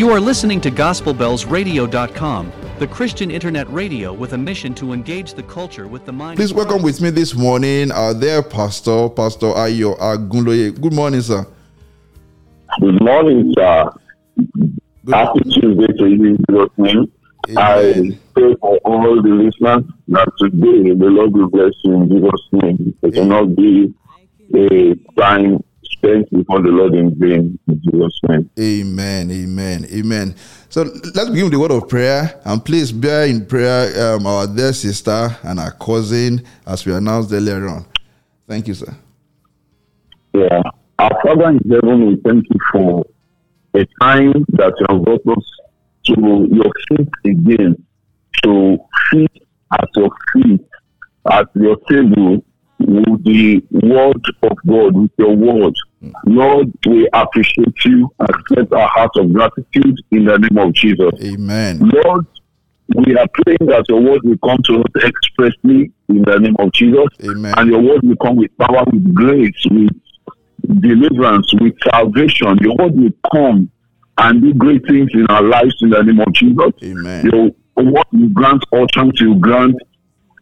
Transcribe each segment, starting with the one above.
You are listening to GospelBellsRadio.com, the Christian internet radio with a mission to engage the culture with the mind. Please welcome with me this morning, our uh, dear pastor, Pastor Ayo Agunloye. Good morning, sir. Good morning, sir. Good Happy morning. Tuesday to you, good morning. Amen. I pray for all the listeners that today the Lord will bless you in Jesus' name. It cannot be a time thanks before the Lord in vain in Jesus' Amen. Amen. Amen. So let's begin with the word of prayer. And please bear in prayer um, our dear sister and our cousin as we announced earlier on. Thank you, sir. Yeah. Our Father in heaven, we thank you for a time that you have brought us to your feet again, to feet at your feet, at your table with the word of God, with your word. Lord, we appreciate you. Accept our heart of gratitude in the name of Jesus. Amen. Lord, we are praying that your word will come to us expressly in the name of Jesus. Amen. And your word will come with power, with grace, with deliverance, with salvation. Your word will come and do great things in our lives in the name of Jesus. Amen. Your word will grant utterance, you grant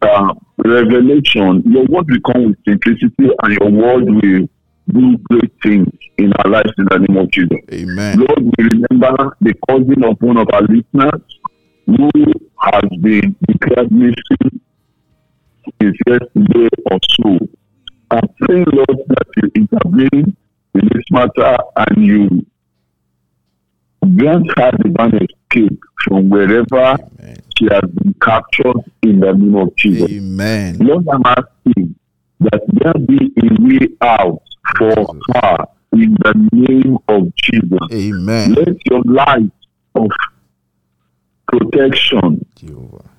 uh, revelation. Your word will come with simplicity and your word will do great things in our lives in the name of Jesus. Amen. Lord, we remember the cousin of one of our listeners who has been declared missing his yesterday or so. I pray, Lord, that you intervene in this matter and you grant her divine escape from wherever Amen. she has been captured in the name of Jesus. Amen. Lord, I'm asking that there be a way out for her in the name of Jesus. Amen. Let your light of protection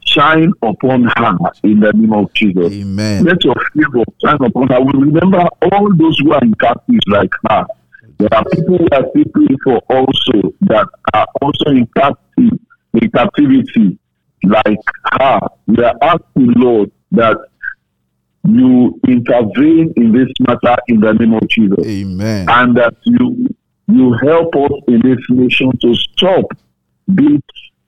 shine upon her in the name of Jesus. Amen. Let your favor shine upon her. We remember all those who are in captivity like her. There are people we are people for also that are also in captivity, in captivity like her. We are asking Lord that you intervene in this matter in the name of Jesus. Amen. And that you you help us in this nation to stop these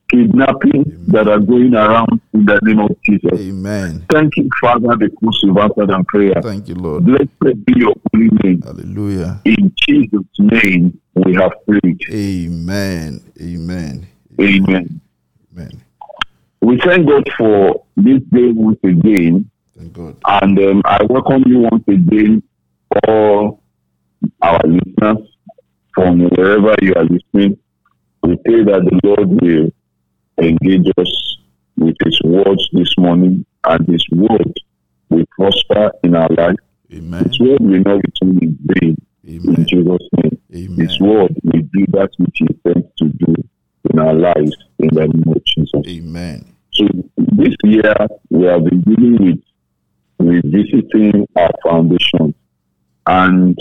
kidnappings Amen. that are going around in the name of Jesus. Amen. Thank you, Father, because you've answered our prayer. Thank you, Lord. Blessed be your holy name. Hallelujah. In Jesus' name we have prayed. Amen. Amen. Amen. Amen. We thank God for this day once again. Good. And um, I welcome you once again, all our listeners from wherever you are listening. We pray that the Lord will engage us with His words this morning, and His word will prosper in our life. Amen. His word will not return in vain. Amen. In Jesus' name. Amen. His word will do that which He intends to do in our lives in the name of Jesus. Amen. So this year we have been dealing with revisiting our foundation. And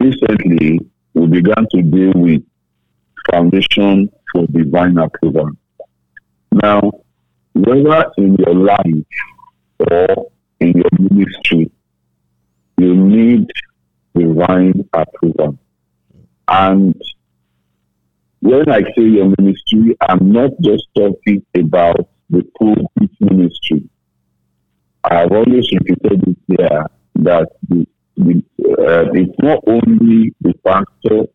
recently, we began to deal with foundation for divine approval. Now, whether in your life or in your ministry, you need divine approval. And when I say your ministry, I'm not just talking about the pulpit ministry. I've always repeated it here that the, the, uh, it's not only the pastor,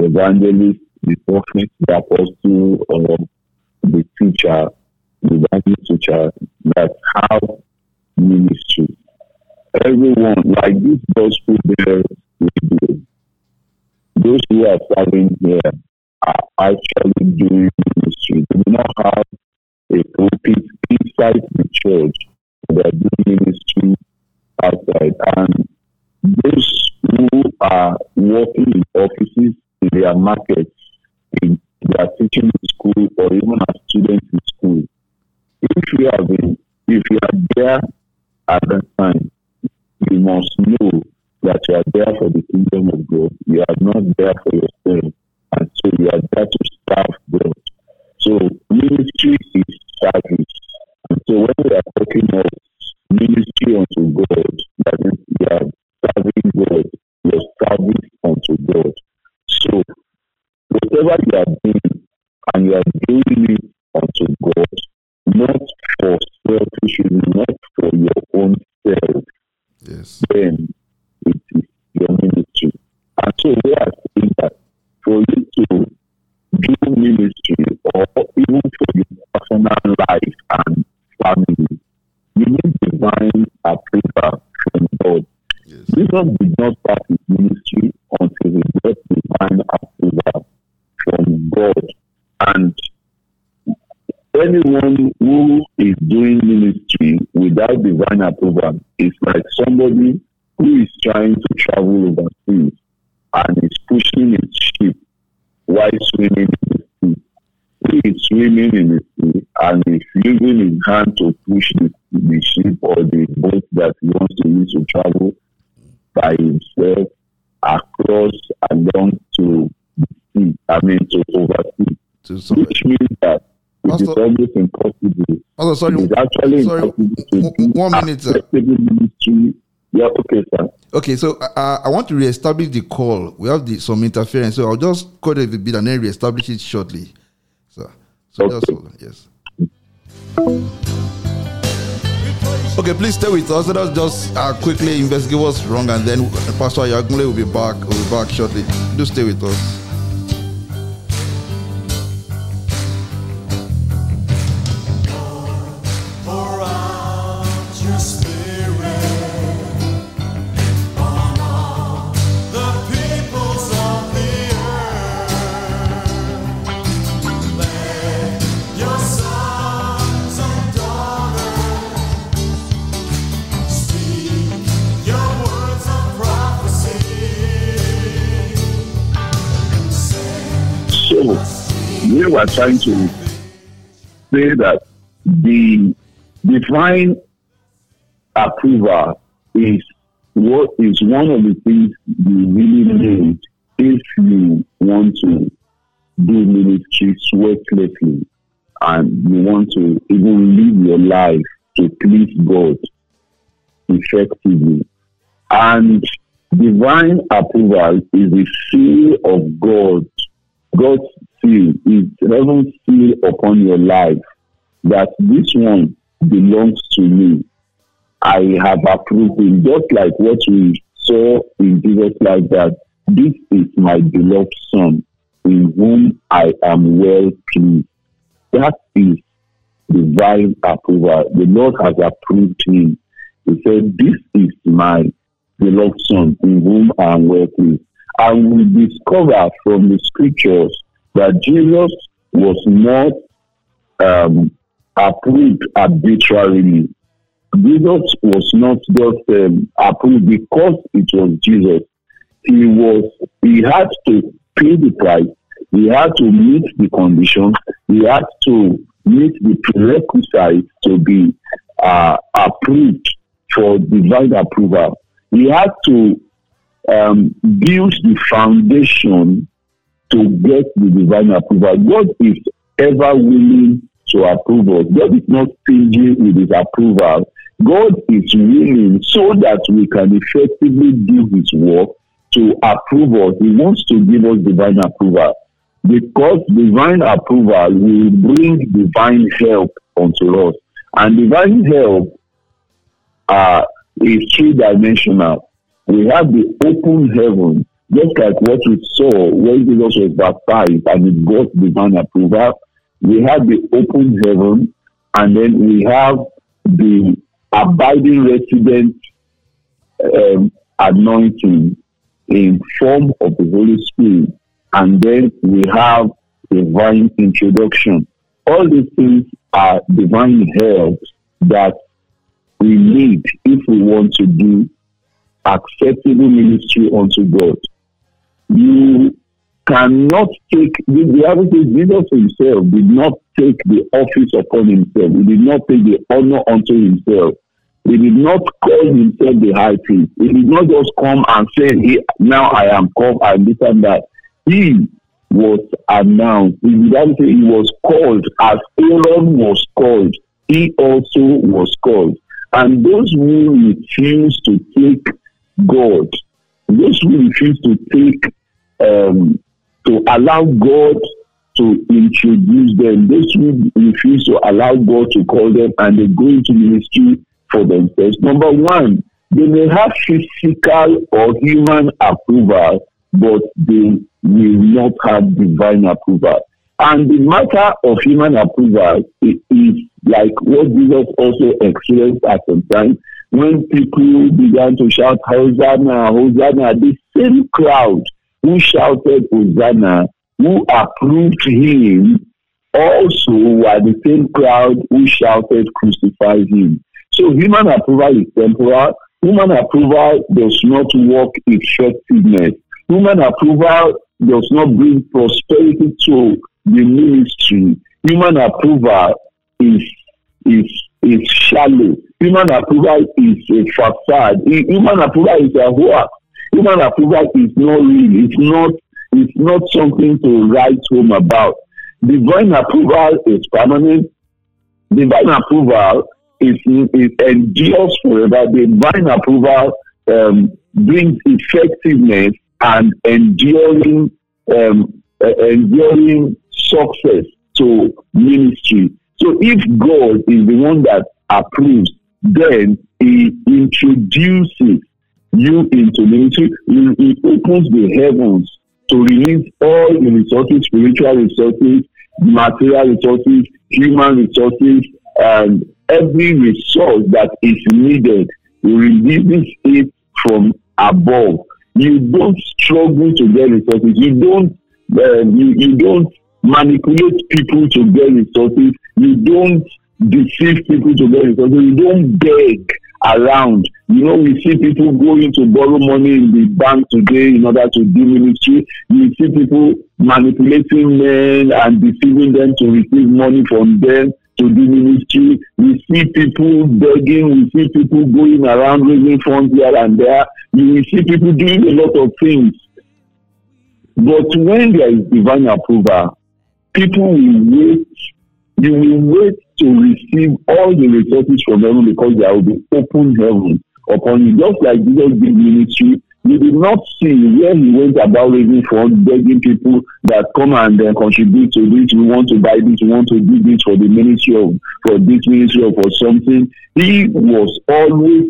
evangelist, the prophet, the apostle, or the teacher, the Bible teacher that have ministry. Everyone, like this gospel there, radio, those who are serving here are actually doing ministry. They do not have a pulpit inside the church. They are doing ministry outside. And those who are working in offices, in their markets, in their teaching in school, or even as students in school, if you have been, if you are there at that time, you must know that you are there for the kingdom of God. You are not there for yourself. And so you are there to serve God. industry is service. And so when we are talking of room for you. Personal life. sorry. It's actually sorry. One minute, sir. Yeah, okay, sir. Okay, so uh, uh, I want to reestablish the call. We have the, some interference, so I'll just cut it a bit and then reestablish it shortly, sir. So okay. that's all. Yes. Okay, please stay with us. Let us just uh, quickly investigate what's wrong, and then Pastor Yagunle will be back. Will be back shortly. Do stay with us. are trying to say that the divine approval is what is one of the things you really need if you want to do ministry sweatlessly and you want to even live your life to please God effectively. And divine approval is the seal of God, God's feel, if heaven feel upon your life that this one belongs to me, I have approved him, just like what we saw in Jesus' life that this is my beloved son in whom I am well pleased. That is divine approval. The Lord has approved him. He said, This is my beloved son in whom I am well pleased. And we discover from the scriptures that Jesus was not um, approved arbitrarily. Jesus was not just um, approved because it was Jesus. He was. He had to pay the price. He had to meet the conditions. He had to meet the prerequisites to be uh, approved for divine approval. He had to um, build the foundation to get the divine approval. God is ever willing to approve us. God is not stingy with his approval. God is willing so that we can effectively do his work to approve us. He wants to give us divine approval because divine approval will bring divine help unto us. And divine help uh, is three dimensional. We have the open heaven, just like what we saw when Jesus was baptized and it got divine approval, we have the open heaven and then we have the abiding resident um, anointing in form of the Holy Spirit. And then we have divine introduction. All these things are divine help that we need if we want to do acceptable ministry unto God. You cannot take, the, the Bible says Jesus himself did not take the office upon himself. He did not take the honor unto himself. He did not call himself the high priest. He did not just come and say, hey, now I am come and this and that. He was announced. He didn't say he was called as Aaron was called. He also was called. And those who refuse to take God those who refuse to take, um, to allow God to introduce them, those who refuse to allow God to call them and they go into ministry for themselves. Number one, they may have physical or human approval, but they will not have divine approval. And the matter of human approval is like what Jesus also experienced at some time when people began to shout, Hosanna, Hosanna, the same crowd who shouted Hosanna, who approved him, also were the same crowd who shouted, Crucify him. So human approval is temporal. Human approval does not work effectiveness. Human approval does not bring prosperity to the ministry. Human approval is is is shallow. Human approval is a facade. Human approval is a hoax. Human approval is not real. It's not. It's not something to write home about. Divine approval is permanent. Divine approval is, is endures forever. Divine approval um, brings effectiveness and enduring um, enduring success to ministry. So if God is the one that approves, then He introduces you into ministry. He, he opens the heavens to release all the resources, spiritual resources, material resources, human resources, and every resource that is needed. He releases it from above. You don't struggle to get resources. You don't. Uh, you, you don't manipulate people to get resources. You don't deceive people to get resources. You don't beg around. You know, we see people going to borrow money in the bank today in order to do ministry. You see people manipulating men and deceiving them to receive money from them to do ministry. We see people begging. We see people going around raising funds here and there. You see people doing a lot of things. But when there is divine approval, people will wait you will wait to receive all the resources from heaven because there will be open heaven upon you just like jesus did ministry you did not see where he went about raising funds begging people that come and then uh, contribute to this we want to buy this we want to do this for the ministry of for this ministry or for something he was always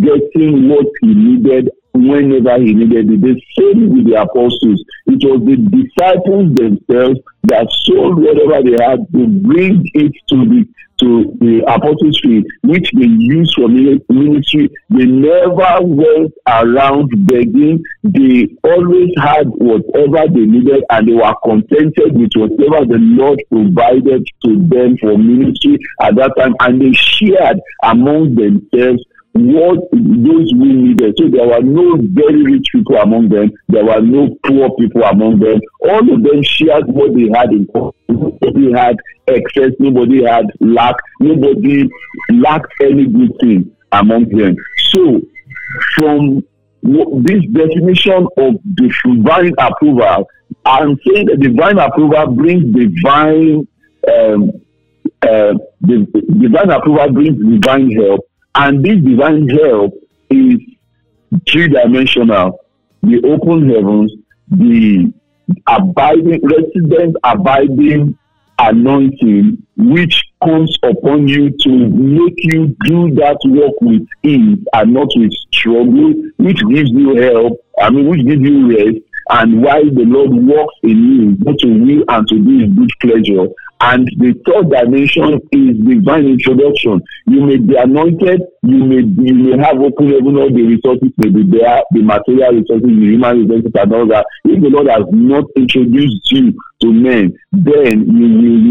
getting what he needed whenever he needed it. The same with the apostles. It was the disciples themselves that sold whatever they had to bring it to the to the apostles' feet, which they used for ministry. They never went around begging. They always had whatever they needed and they were contented with whatever the Lord provided to them for ministry at that time. And they shared among themselves what those we needed. So there were no very rich people among them. There were no poor people among them. All of them shared what they had in common. Nobody had excess. Nobody had lack. Nobody lacked any good thing among them. So from this definition of divine approval, I'm saying that divine approval brings divine, um, uh, divine approval brings divine help and this divine help is three dimensional the open heavens, the abiding, resident abiding anointing which comes upon you to make you do that work with ease and not with struggle, which gives you help, I mean, which gives you rest and why the Lord works in you, both to will and to do his good pleasure. And the third dimension is divine introduction. You may be anointed, you may be, you may have open heaven, all the resources may be there, the material resources, the human resources, and all that. If the Lord has not introduced you to men, then you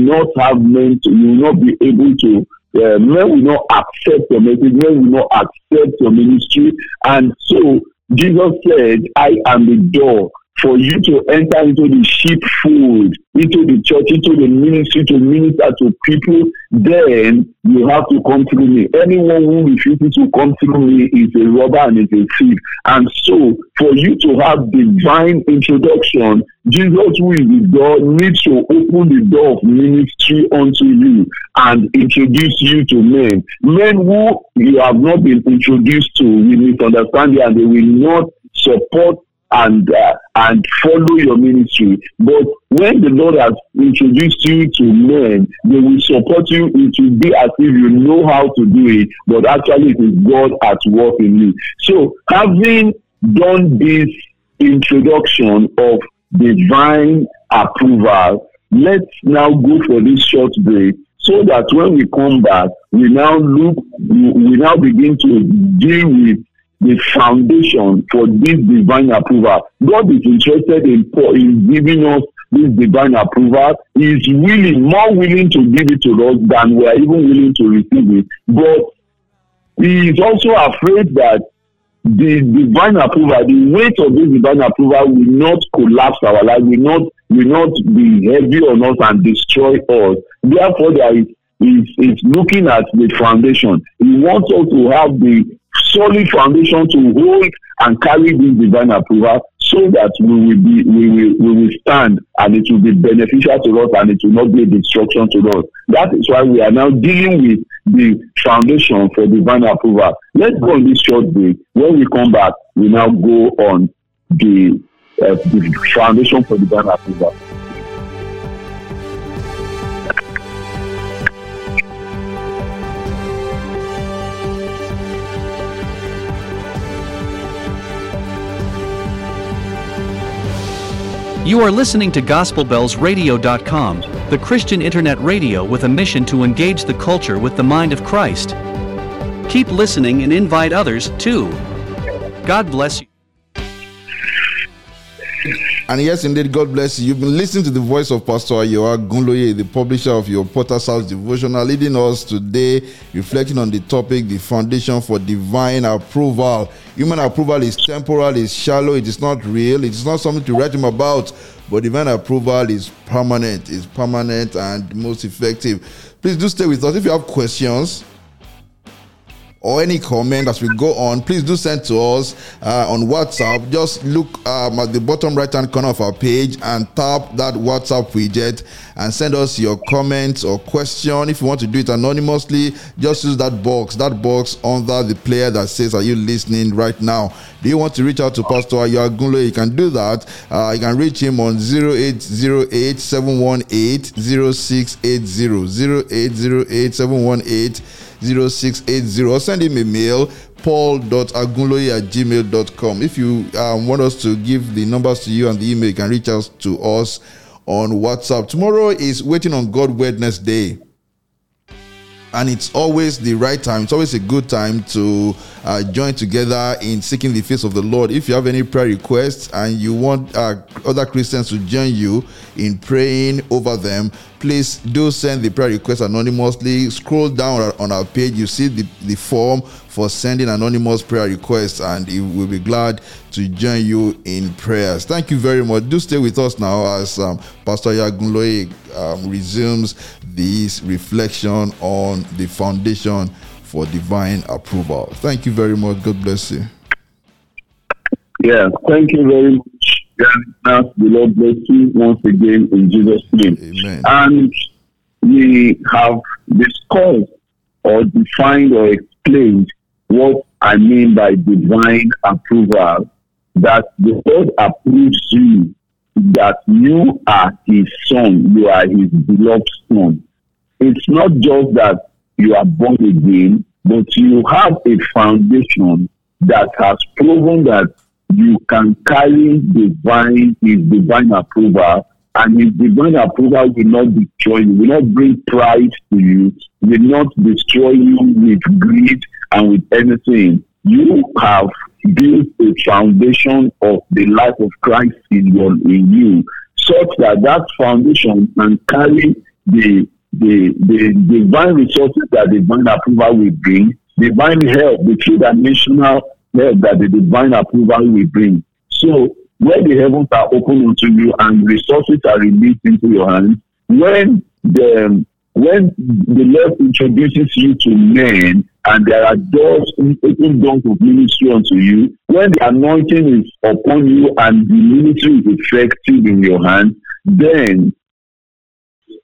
will not have men, to, you will not be able to uh, men will not accept your message, men will not accept your ministry. And so Jesus said, I am the door for you to enter into the sheepfold, into the church, into the ministry, to minister to people, then you have to come through me. Anyone who refuses to come through me is a robber and is a thief. And so, for you to have divine introduction, Jesus, who is the door, needs to open the door of ministry unto you and introduce you to men. Men who you have not been introduced to will misunderstand you and they will not support and uh, and follow your ministry. But when the Lord has introduced you to men, they will support you. It will be as if you know how to do it, but actually it is God at work in you. So having done this introduction of divine approval, let's now go for this short break so that when we come back, we now look, we now begin to deal with the foundation for this divine approval. God is interested in, in giving us this divine approval. He is willing, more willing to give it to us than we are even willing to receive it. But he is also afraid that the divine approval, the weight of this divine approval will not collapse our life, will not will not be heavy on us and destroy us. Therefore, there is is is looking at the foundation. He wants us to have the solid foundation to hold and carry this divine approval so that we will be we will we will stand and it will be beneficial to us and it will not be a destruction to us that is why we are now dealing with the foundation for divine approval let's go on this short break when we come back we now go on the uh, the foundation for divine approval. You are listening to GospelBellsRadio.com, the Christian internet radio with a mission to engage the culture with the mind of Christ. Keep listening and invite others, too. God bless you. And yes, indeed, God bless you. You've been listening to the voice of Pastor Ayoa Gunloye, the publisher of your Potter South devotional, leading us today, reflecting on the topic, the foundation for divine approval. Human approval is temporal, is shallow, it is not real, it is not something to write him about, but divine approval is permanent, is permanent and most effective. Please do stay with us. If you have questions, or any comment as we go on, please do send to us uh, on WhatsApp. Just look um, at the bottom right hand corner of our page and tap that WhatsApp widget and send us your comments or question. If you want to do it anonymously, just use that box, that box under the player that says, Are you listening right now? Do you want to reach out to Pastor Ayagunlo? You can do that. Uh, you can reach him on 0808 718 0680. 0808 718 0680 or send him a mail paul.agunloye at gmail.com. If you um, want us to give the numbers to you and the email, you can reach out to us on WhatsApp. Tomorrow is Waiting on God Wednesday. And it's always the right time. It's always a good time to uh, join together in seeking the face of the Lord. If you have any prayer requests and you want uh, other Christians to join you in praying over them, please do send the prayer request anonymously. Scroll down on our, page, you see the, the form for sending anonymous prayer requests, and we'll be glad to join you in prayers. Thank you very much. Do stay with us now as um, Pastor Yagunloye um, resumes this reflection on the foundation for divine approval. Thank you very much. God bless you. Yeah, thank you very much. The Lord bless you once again in Jesus' name. Amen. And we have discussed or defined or explained what I mean by divine approval that the Lord approves you, that you are His son, you are His beloved son. It's not just that you are born again, but you have a foundation that has proven that you can carry divine his divine approval and his divine approval will not destroy you, will not bring pride to you, will not destroy you with greed and with anything. You have built a foundation of the life of Christ in your in you, such that that foundation can carry the the the divine resources that divine approval will bring, divine help, the three dimensional that the divine approval will bring. So, when the heavens are open unto you and resources are released into your hands, when the um, when the Lord introduces you to men and there are doors open doors of ministry unto you, when the anointing is upon you and the ministry is effective in your hand, then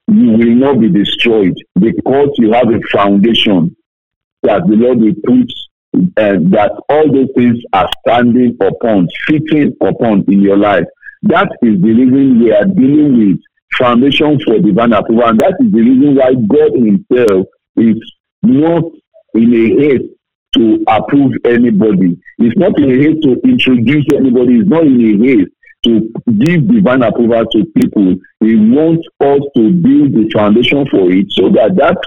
you will not be destroyed because you have a foundation that the Lord will put uh, that all those things are standing upon, fitting upon in your life. That is the reason we are dealing with foundation for divine approval. And that is the reason why God Himself is not in a haste to approve anybody. It's not in a haste to introduce anybody. It's not in a haste to give divine approval to people. He wants us to build the foundation for it so that that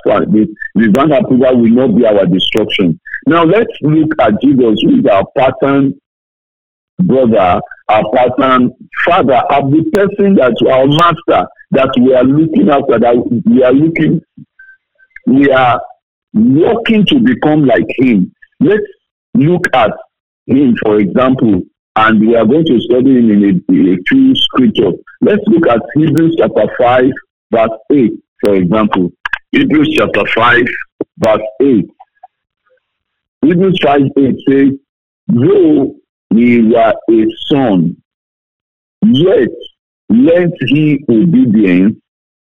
divine approval will not be our destruction. Now let's look at Jesus, who is our pattern brother, our pattern father, of the person that our master that we are looking after, that we are looking, we are working to become like him. Let's look at him, for example, and we are going to study in a, in a true scripture. Let's look at Hebrews chapter 5, verse 8, for example. Hebrews chapter 5, verse 8. Hebrews 5, 8 says, Though we were a son, yet let he obedience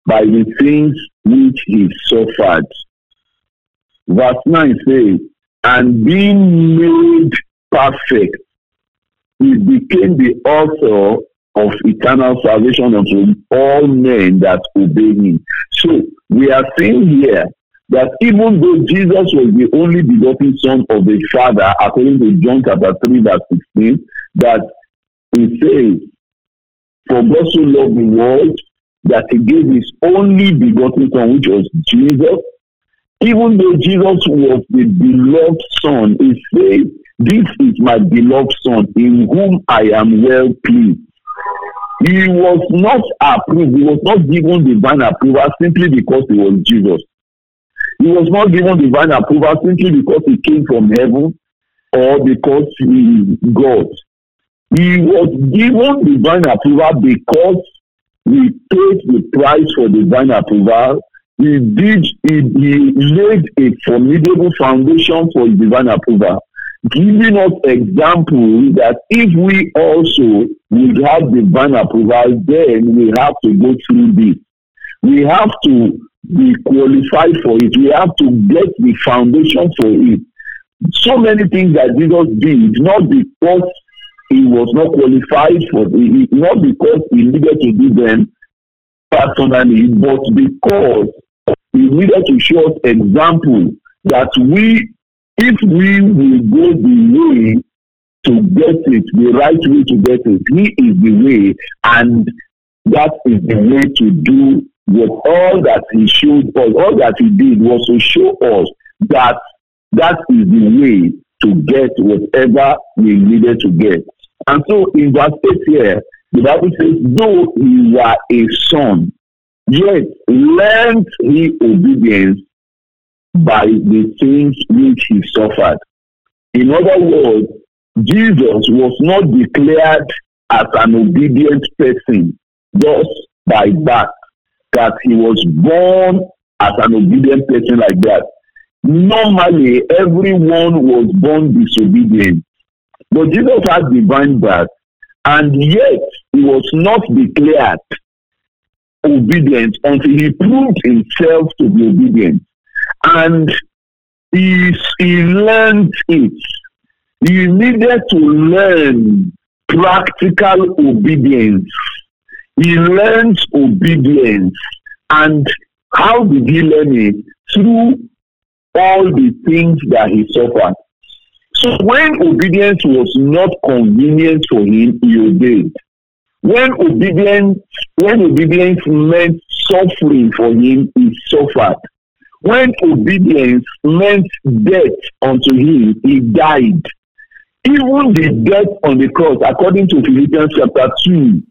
by the things which he suffered. Verse 9 says, And being made perfect, he became the author of eternal salvation unto all men that obey him. So we are seeing here that even though Jesus was the only begotten son of the Father, according to John chapter 3, verse 16, that he says, For God so loved the world that he gave his only begotten son, which was Jesus, even though Jesus was the beloved Son, he says, This is my beloved Son, in whom I am well pleased. He was not approved, he was not given divine approval simply because he was Jesus. He was not given divine approval simply because he came from heaven or because he is God. He was given divine approval because we paid the price for divine approval he did he, he laid a formidable foundation for divine approval giving us example that if we also would have divine approval then we have to go through this we have to be qualified for it we have to get the foundation for it so many things that jesus did not because he was not qualified for it not because he needed to do them personally but because we needed to show us example that we, if we will go the way to get it, the right way to get it, he is the way, and that is the way to do what all that he showed us, all that he did was to show us that that is the way to get whatever we needed to get. And so in that case here, the Bible says, though you are a son, Yet learned he obedience by the things which he suffered. In other words, Jesus was not declared as an obedient person just by that, that he was born as an obedient person like that. Normally, everyone was born disobedient, but Jesus had divine birth, and yet he was not declared obedient until he proved himself to be obedient. And he, he learned it. He needed to learn practical obedience. He learned obedience. And how did he learn it? Through all the things that he suffered. So when obedience was not convenient for him, he obeyed. When obedience, when obedience meant suffering for him, he suffered. When obedience meant death unto him, he died. Even the death on the cross, according to Philippians chapter 2,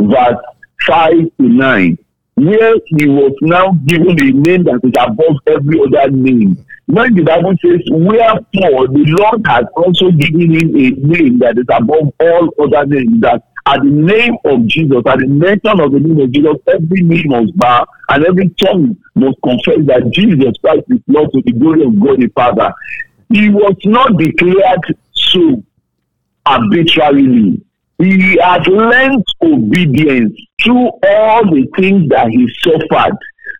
verse 5 to 9, where he was now given a name that is above every other name. When the Bible says, Wherefore the Lord has also given him a name that is above all other names, that at the name of Jesus, at the mention of the name of Jesus, every knee must bow and every tongue must confess that Jesus Christ is Lord to the glory of God the Father. He was not declared so arbitrarily. He had learned obedience to all the things that he suffered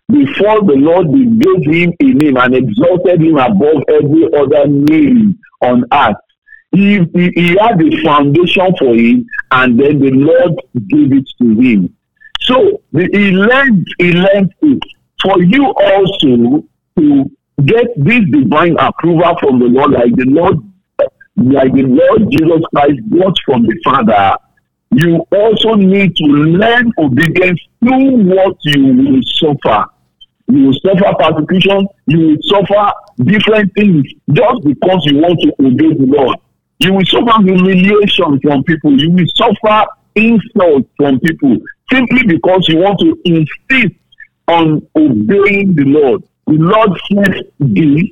before the Lord gave him a name and exalted him above every other name on earth. He, he, he had the foundation for it, and then the Lord gave it to him. So the, he learned, he learned it. For you also to get this divine approval from the Lord, like the Lord, like the Lord Jesus Christ got from the Father, you also need to learn obedience through what you will suffer. You will suffer persecution, you will suffer different things just because you want to obey the Lord. You will suffer humiliation from people. You will suffer insults from people simply because you want to insist on obeying the Lord. The Lord says this,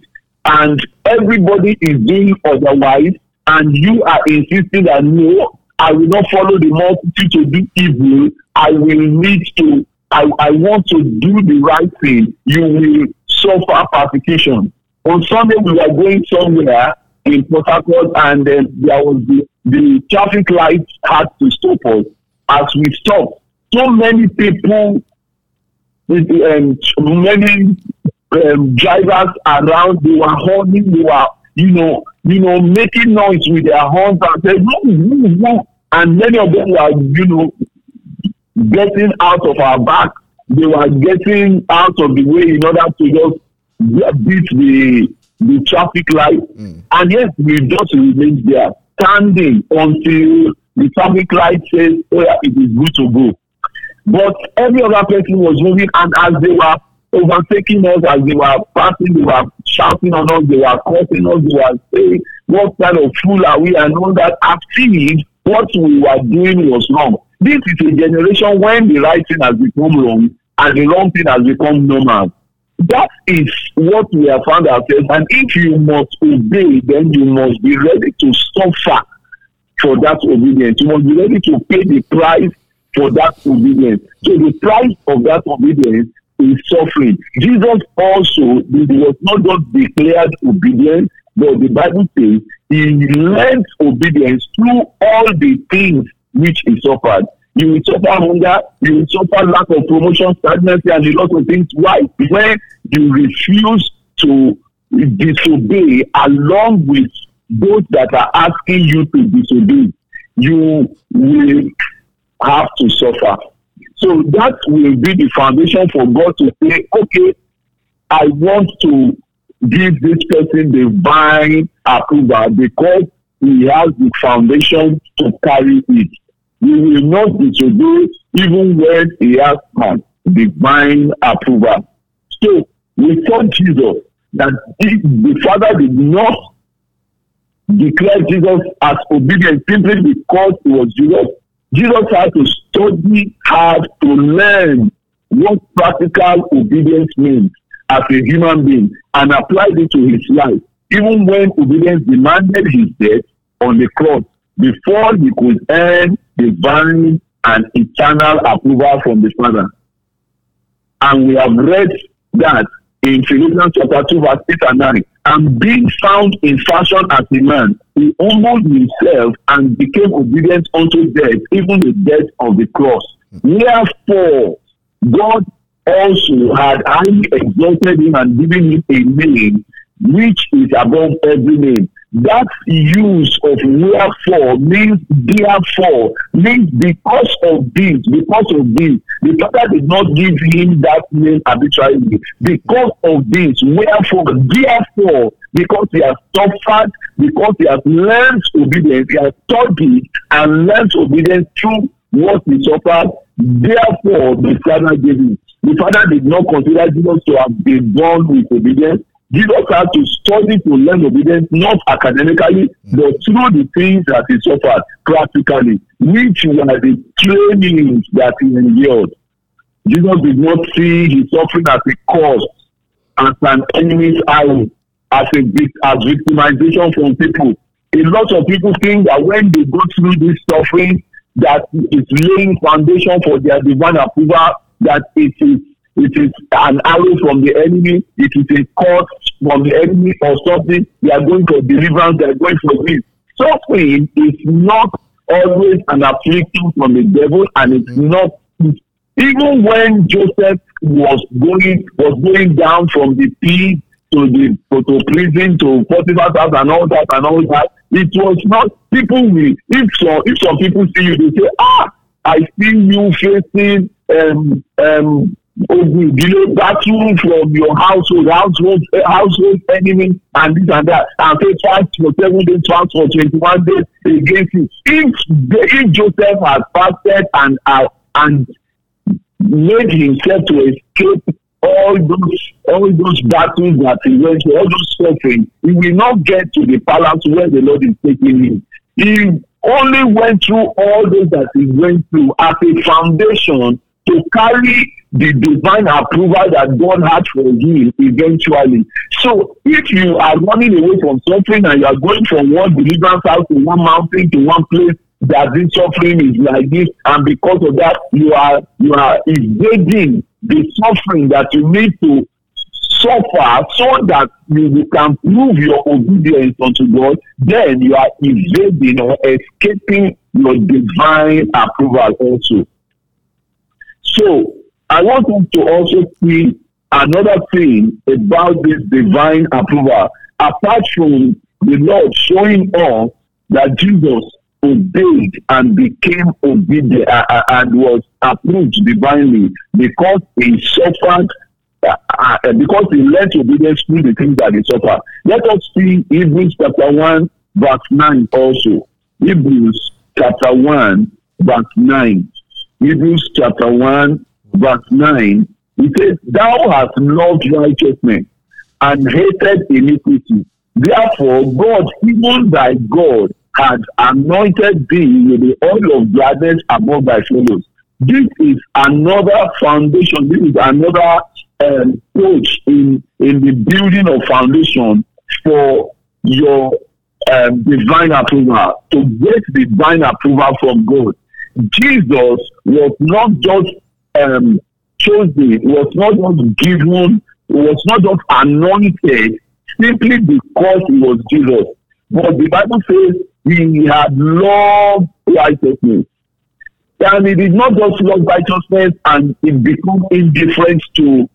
and everybody is doing otherwise, and you are insisting that no, I will not follow the multitude to do evil. I will need to, I, I want to do the right thing. You will suffer persecution. On Sunday, we are going somewhere, in Port Harcourt, and there was the, the traffic lights had to stop us as we stopped. So many people, um, many um, drivers around, they were honking, they were, you know, you know, making noise with their horns and saying, woo, woo, woo. and many of them were, you know, getting out of our back. They were getting out of the way in order to just beat the the traffic light, mm. and yet we just remain there standing until the traffic light says, oh, yeah, it is good to go. But every other person was moving, and as they were overtaking us, as they were passing, they were shouting on us, they were cursing us, they were saying, What kind of fool are we? And all that. I if what we were doing was wrong. This is a generation when the right thing has become wrong and the wrong thing has become normal. That is what we have found ourselves. And if you must obey, then you must be ready to suffer for that obedience. You must be ready to pay the price for that obedience. So the price of that obedience is suffering. Jesus also was not just declared obedient, but the Bible says he learned obedience through all the things which he suffered you will suffer hunger, you will suffer lack of promotion, pregnancy, and a lot of things. Why? When you refuse to disobey along with those that are asking you to disobey, you will have to suffer. So that will be the foundation for God to say, okay, I want to give this person divine approval because he has the foundation to carry it. He will not disobey even when he has had divine approval. So we saw Jesus that the Father did not declare Jesus as obedient simply because he was Jesus. Jesus had to study had to learn what practical obedience means as a human being and applied it to his life, even when obedience demanded his death on the cross before he could earn divine and eternal approval from the Father. And we have read that in Philippians chapter 2, verse 8 and 9. And being found in fashion as a man, he humbled himself and became obedient unto death, even the death of the cross. Therefore, God also had highly exalted him and given him a name which is above every name. That use of wherefore means therefore, means because of this, because of this. The father did not give him that name arbitrarily. Because of this, wherefore, therefore, because he has suffered, because he has learned obedience, he has studied and learned obedience through what he suffered. Therefore, the father gave him. The father did not consider Jesus to have been born with obedience. Jesus had to study to learn obedience, not academically, mm-hmm. but through the things that he suffered practically, which were the trainings that he endured. Jesus did not see his suffering as a cause, as an enemy's arrow, as a as victimization from people. A lot of people think that when they go through this suffering, that is laying foundation for their divine approval, that it is it is an arrow from the enemy, it is a curse from the enemy or something. They are going for deliverance, they are going for this. Suffering is not always an affliction from the devil, and it's not even when Joseph was going was going down from the pit to the to, to prison to Potiphar's and all that and all that. It was not people will if some if some people see you they say ah I see you facing um um ogun that battle from your household household eh, household enemy and this and that and they fast for seven days fast for twenty-one days against you if if joseph has fasted and uh, and made himself to escape all those all those battles that he went through all those suffering he will not get to the palace where the lord is taking him he only went through all those that he went through as a foundation to carry the divine approval that God has for you eventually. So if you are running away from suffering and you are going from one deliverance house to one mountain to one place that this suffering is like this, and because of that you are you are evading the suffering that you need to suffer so that you can prove your obedience unto God, then you are evading or escaping your divine approval also. So I want us to also see another thing about this divine approval, apart from the Lord showing us that Jesus obeyed and became obedient uh, uh and was approved divinely because he suffered, uh, uh, uh because he learned obedience through the things that he suffered. Let us see Hebrews chapter 1, verse 9 also. Hebrews chapter 1, verse 9. Hebrews chapter 1, verse 9, he says, Thou hast loved righteousness and hated iniquity. Therefore, God, even thy God, has anointed thee with the oil of gladness above thy fellows. This is another foundation. This is another um, coach in, in the building of foundation for your um, divine approval, to get divine approval from God. Jesus was not just um, chosen, was not just given, was not just anointed simply because he was Jesus. But the Bible says he had loved righteousness. And he did not just love righteousness and it become indifferent to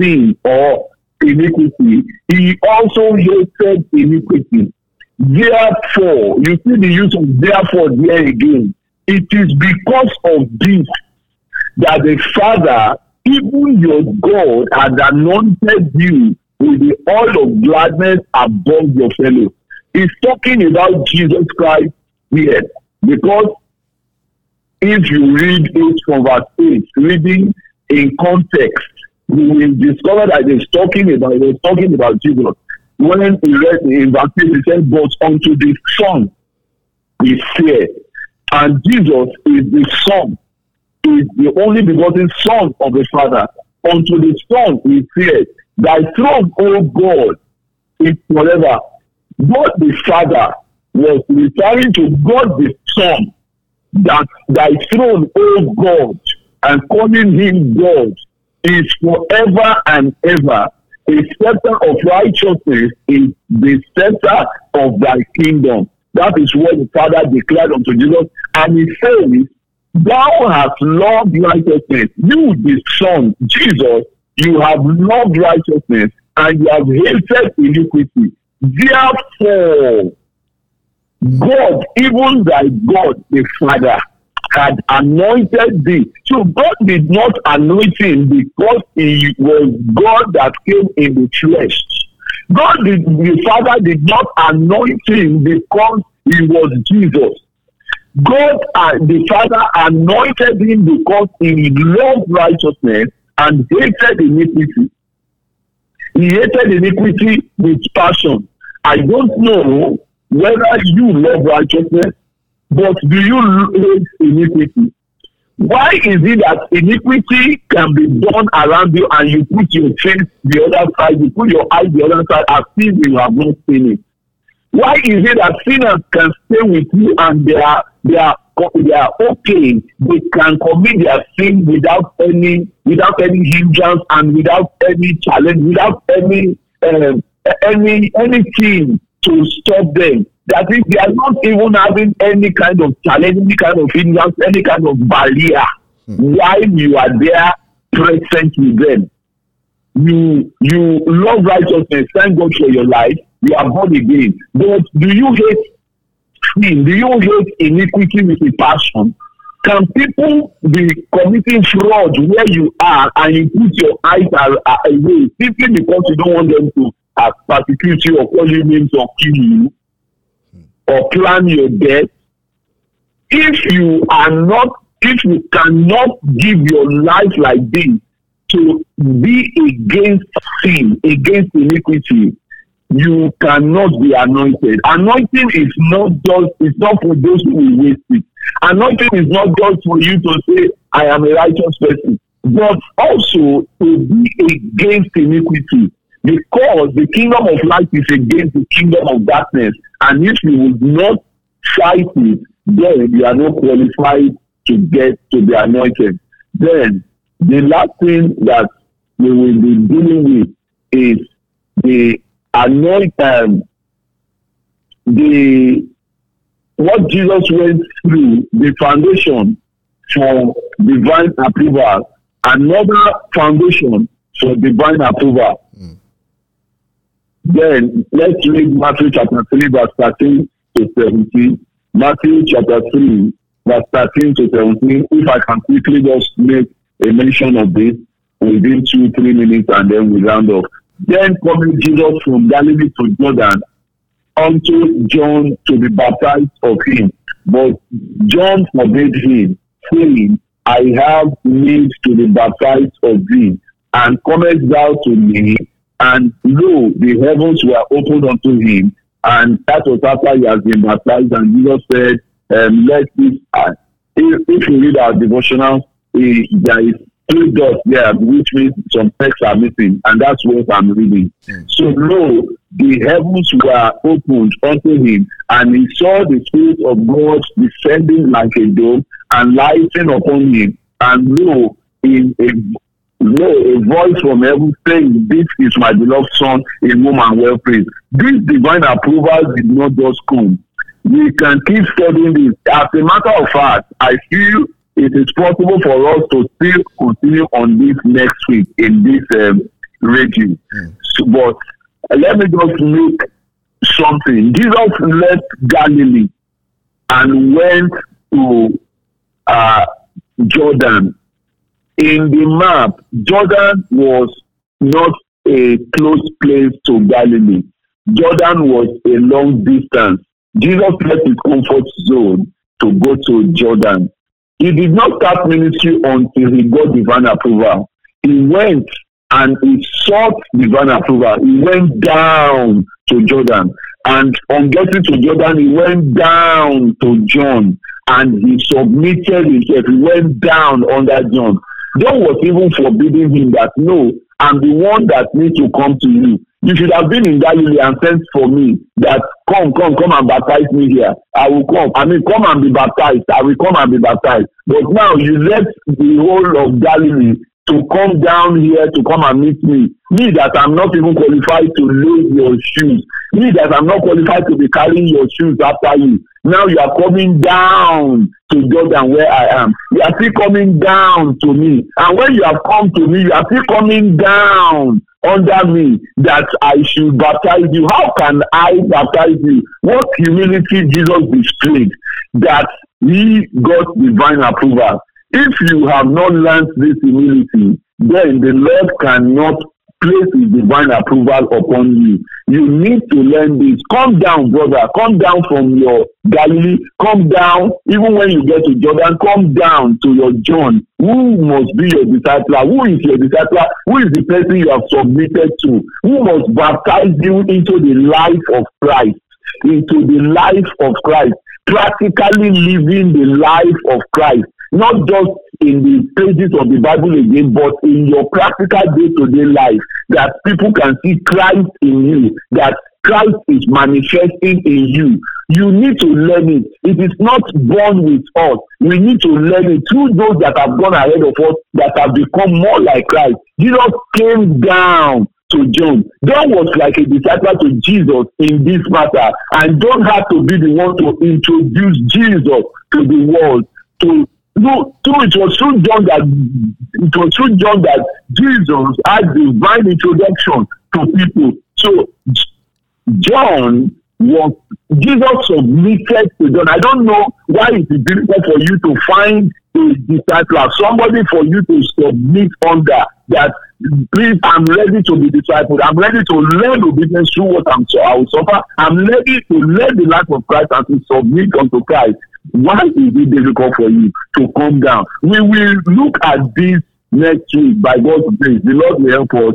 sin or iniquity. He also hated iniquity. Therefore, you see the use of therefore there again. It is because of this that the Father, even your God, has anointed you with the oil of gladness above your fellows. He's talking about Jesus Christ here because if you read it from verse 8, reading in context, you will discover that he's talking about, he's talking about Jesus. When he read in verse 8, he said, But unto the Son he fear and Jesus is the Son, is the only begotten Son of the Father. Unto the Son he said, Thy throne, O God, is forever. God the Father was referring to God the Son, that thy throne, O God, and calling him God, is forever and ever. A center of righteousness is the center of thy kingdom. That is what the Father declared unto Jesus. And he says, Thou hast loved righteousness. You, the Son, Jesus, you have loved righteousness and you have hated iniquity. Therefore, God, even thy God, the Father, had anointed thee. So God did not anoint him because he was God that came in the flesh. God, the, the Father, did not anoint him because he was Jesus. God, uh, the Father, anointed him because he loved righteousness and hated iniquity. He hated iniquity with passion. I don't know whether you love righteousness, but do you hate iniquity? why is it that iniquity can be done around you and you put your face the other side you put your eye the other side as if you have not seen it why is it that sinners can stay with you and they are they are they are okay they can commit their sin without any without any hindrance and without any challenge without any um, any anything to stop them That if they are not even having any kind of challenge, any kind of hindrance, any kind of barrier. Hmm. While you are there present with them, you you love righteousness, thank God for your life, you are born again. But do you hate sin? Do you hate iniquity with a passion? Can people be committing fraud where you are and you put your eyes away simply because you don't want them to uh, persecute you or call you names or kill you? or plan your death, if you are not, if you cannot give your life like this to be against sin, against iniquity, you cannot be anointed. Anointing is not just, it's not for those who waste it. Anointing is not just for you to say, I am a righteous person, but also to be against iniquity. Because the kingdom of light is against the kingdom of darkness. And if you would not fight it, then you are not qualified to get to the anointing. Then the last thing that we will be dealing with is the anointing, um, the what Jesus went through, the foundation for divine approval, another foundation for divine approval. Then let's read Matthew chapter 3, verse 13 to 17. Matthew chapter 3, verse 13 to 17. If I can quickly just make a mention of this within two, three minutes, and then we round off. Then coming Jesus from Galilee to Jordan unto John to be baptized of him. But John forbade him, saying, I have need to be baptized of thee, and comest thou to me. And lo, the heavens were opened unto him, and that was after he has been baptized. And Jesus said, um, "Let this." pass." Uh, if, if you read our devotional, uh, there is three dots there, which means some texts are missing, and that's what I'm reading. Mm. So, lo, the heavens were opened unto him, and he saw the Spirit of God descending like a dove and lighting upon him. And lo, in a no, a voice from heaven saying, This is my beloved son, in whom I'm well pleased. This divine approval did not just come. We can keep studying this. As a matter of fact, I feel it is possible for us to still continue on this next week in this um, region. Mm. So, but let me just make something. Jesus left Galilee and went to uh, Jordan in the map, Jordan was not a close place to Galilee. Jordan was a long distance. Jesus left his comfort zone to go to Jordan. He did not start ministry until he got divine approval. He went and he sought divine approval. He went down to Jordan. And on getting to Jordan, he went down to John and he submitted himself. He went down under John. God was even forbidding him that no, I'm the one that needs to come to you. You should have been in Galilee and sent for me that come, come, come and baptize me here. I will come. I mean, come and be baptized. I will come and be baptized. But now you left the whole of Galilee to come down here to come and meet me me that i'm not even qualified to load your shoes me that i'm not qualified to be carrying your shoes after you now you are coming down to jordan where i am you are still coming down to me and when you have come to me you are still coming down under me that i should baptize you how can i baptize you what humility jesus displayed that he got divine approval if you have not learned this humility, then the Lord cannot place his divine approval upon you. You need to learn this. Come down, brother. Come down from your Galilee. Come down. Even when you get to Jordan, come down to your John. Who must be your disciple? Who is your disciple? Who is the person you have submitted to? Who must baptize you into the life of Christ? Into the life of Christ. Practically living the life of Christ not just in the pages of the Bible again, but in your practical day to day life, that people can see Christ in you, that Christ is manifesting in you. You need to learn it. It is not born with us. We need to learn it through those that have gone ahead of us, that have become more like Christ. Jesus came down to John. John was like a disciple to Jesus in this matter, and John had to be the one to introduce Jesus to the world, to through, through it was through John that it was through John that Jesus had divine introduction to people. So John was Jesus submitted to John. I don't know why it is difficult for you to find a disciple, somebody for you to submit under that. Please, I'm ready to be discipled. I'm ready to learn obedience through what I'm so I will suffer. I'm ready to learn the life of Christ and to submit unto Christ. Why is it difficult for you to come down? We will look at this next week by God's grace. The Lord will help us.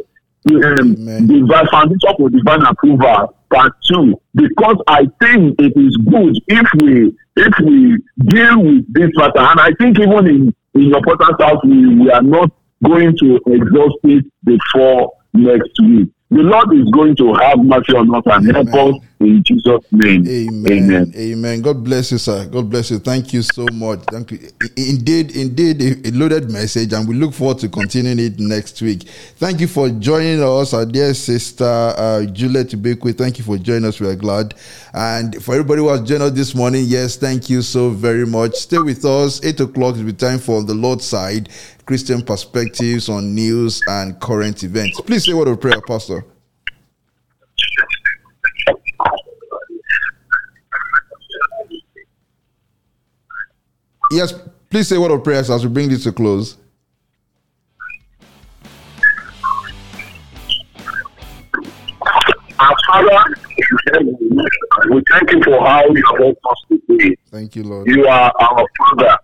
Um, divine foundation for divine approval part two because I think it is good if we if we deal with this matter and I think even in in your podcast house we, we are not going to exhaust it before next week. The Lord is going to have mercy on us and help us in Jesus' name. Amen. Amen. Amen. God bless you, sir. God bless you. Thank you so much. Thank you. Indeed, indeed, a loaded message, and we look forward to continuing it next week. Thank you for joining us, our dear sister uh, Juliet Ibekwe. Thank you for joining us. We are glad. And for everybody who has joined us this morning, yes, thank you so very much. Stay with us. Eight o'clock will be time for the Lord's side. Christian perspectives on news and current events. Please say a prayer, Pastor. Yes, please say a word of prayers as we bring this to close. Our Father, we thank you for how you have helped us today. Thank you, Lord. You are our Father.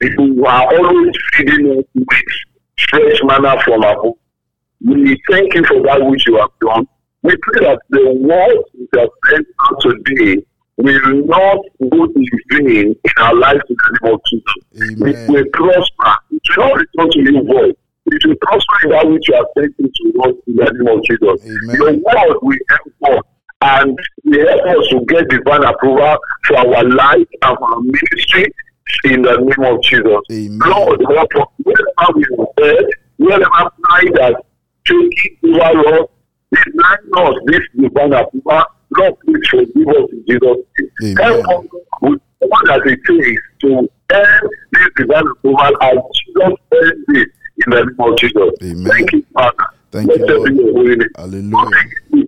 You are always feeding us with fresh manner from above. We thank you for that which you have done. We pray that the words you have sent out today will not go in vain in our life in the name of Jesus. Amen. It will prosper. It will not return to you void. It will prosper in that which you are taking to us in the name of Jesus. Amen. Your word will help us and will help us to get divine approval for our life and our ministry in the name of Jesus. Amen. Lord, wherever we are dead, wherever pride has taken over us, design us this divine approval Lord, please forgive us in Jesus' name. Help us with what as it takes to end this divine woman? and Jesus ends it in the name of Jesus. Amen. Thank you, Father. Thank Let you, Lord. Hallelujah.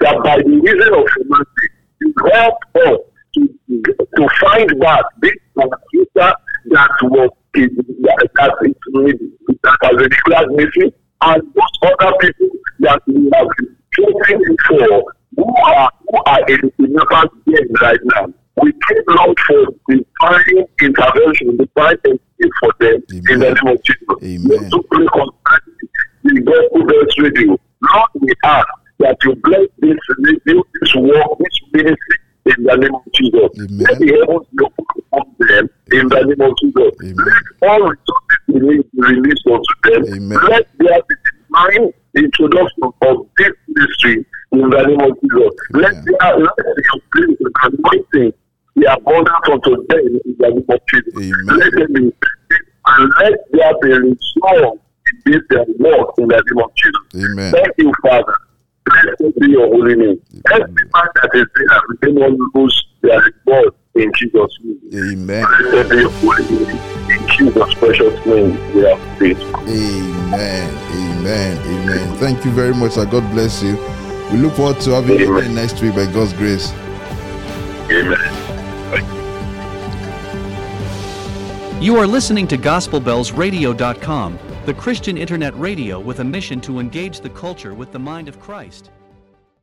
That by the reason of humanity, you help us to, to find that this computer that was that is that, that has been declared missing and those other people that we have been chosen before who are, who are in significant gain right now. We pray, Lord, for divine intervention, divine escape for them Amen. in the name of Jesus. Amen. To pray concerning the gospel verse radio. Lord, we ask that you bless this radio, this work, this ministry in the name of Jesus. Amen. Let the heavens be open upon them in the name of Jesus. Amen. Let all resources be released unto them. Amen. Let there be divine introduction of this ministry in the name of Jesus. Let yeah. their, let and anointing be abundant unto them in the name of Jesus. Amen. Let them be and let there be resolve in this their work in the name of Jesus. Amen. Thank you, Father. Blessed be your holy name. Every man that is there, they will lose their reward in Jesus' name. Amen. Blessed be your holy name. In Jesus' precious name, we are faith. Amen. Amen. Amen. Thank you very much. God bless you. We look forward to having Amen. you again next week by God's grace. Amen. You are listening to GospelBellsRadio.com, the Christian internet radio with a mission to engage the culture with the mind of Christ.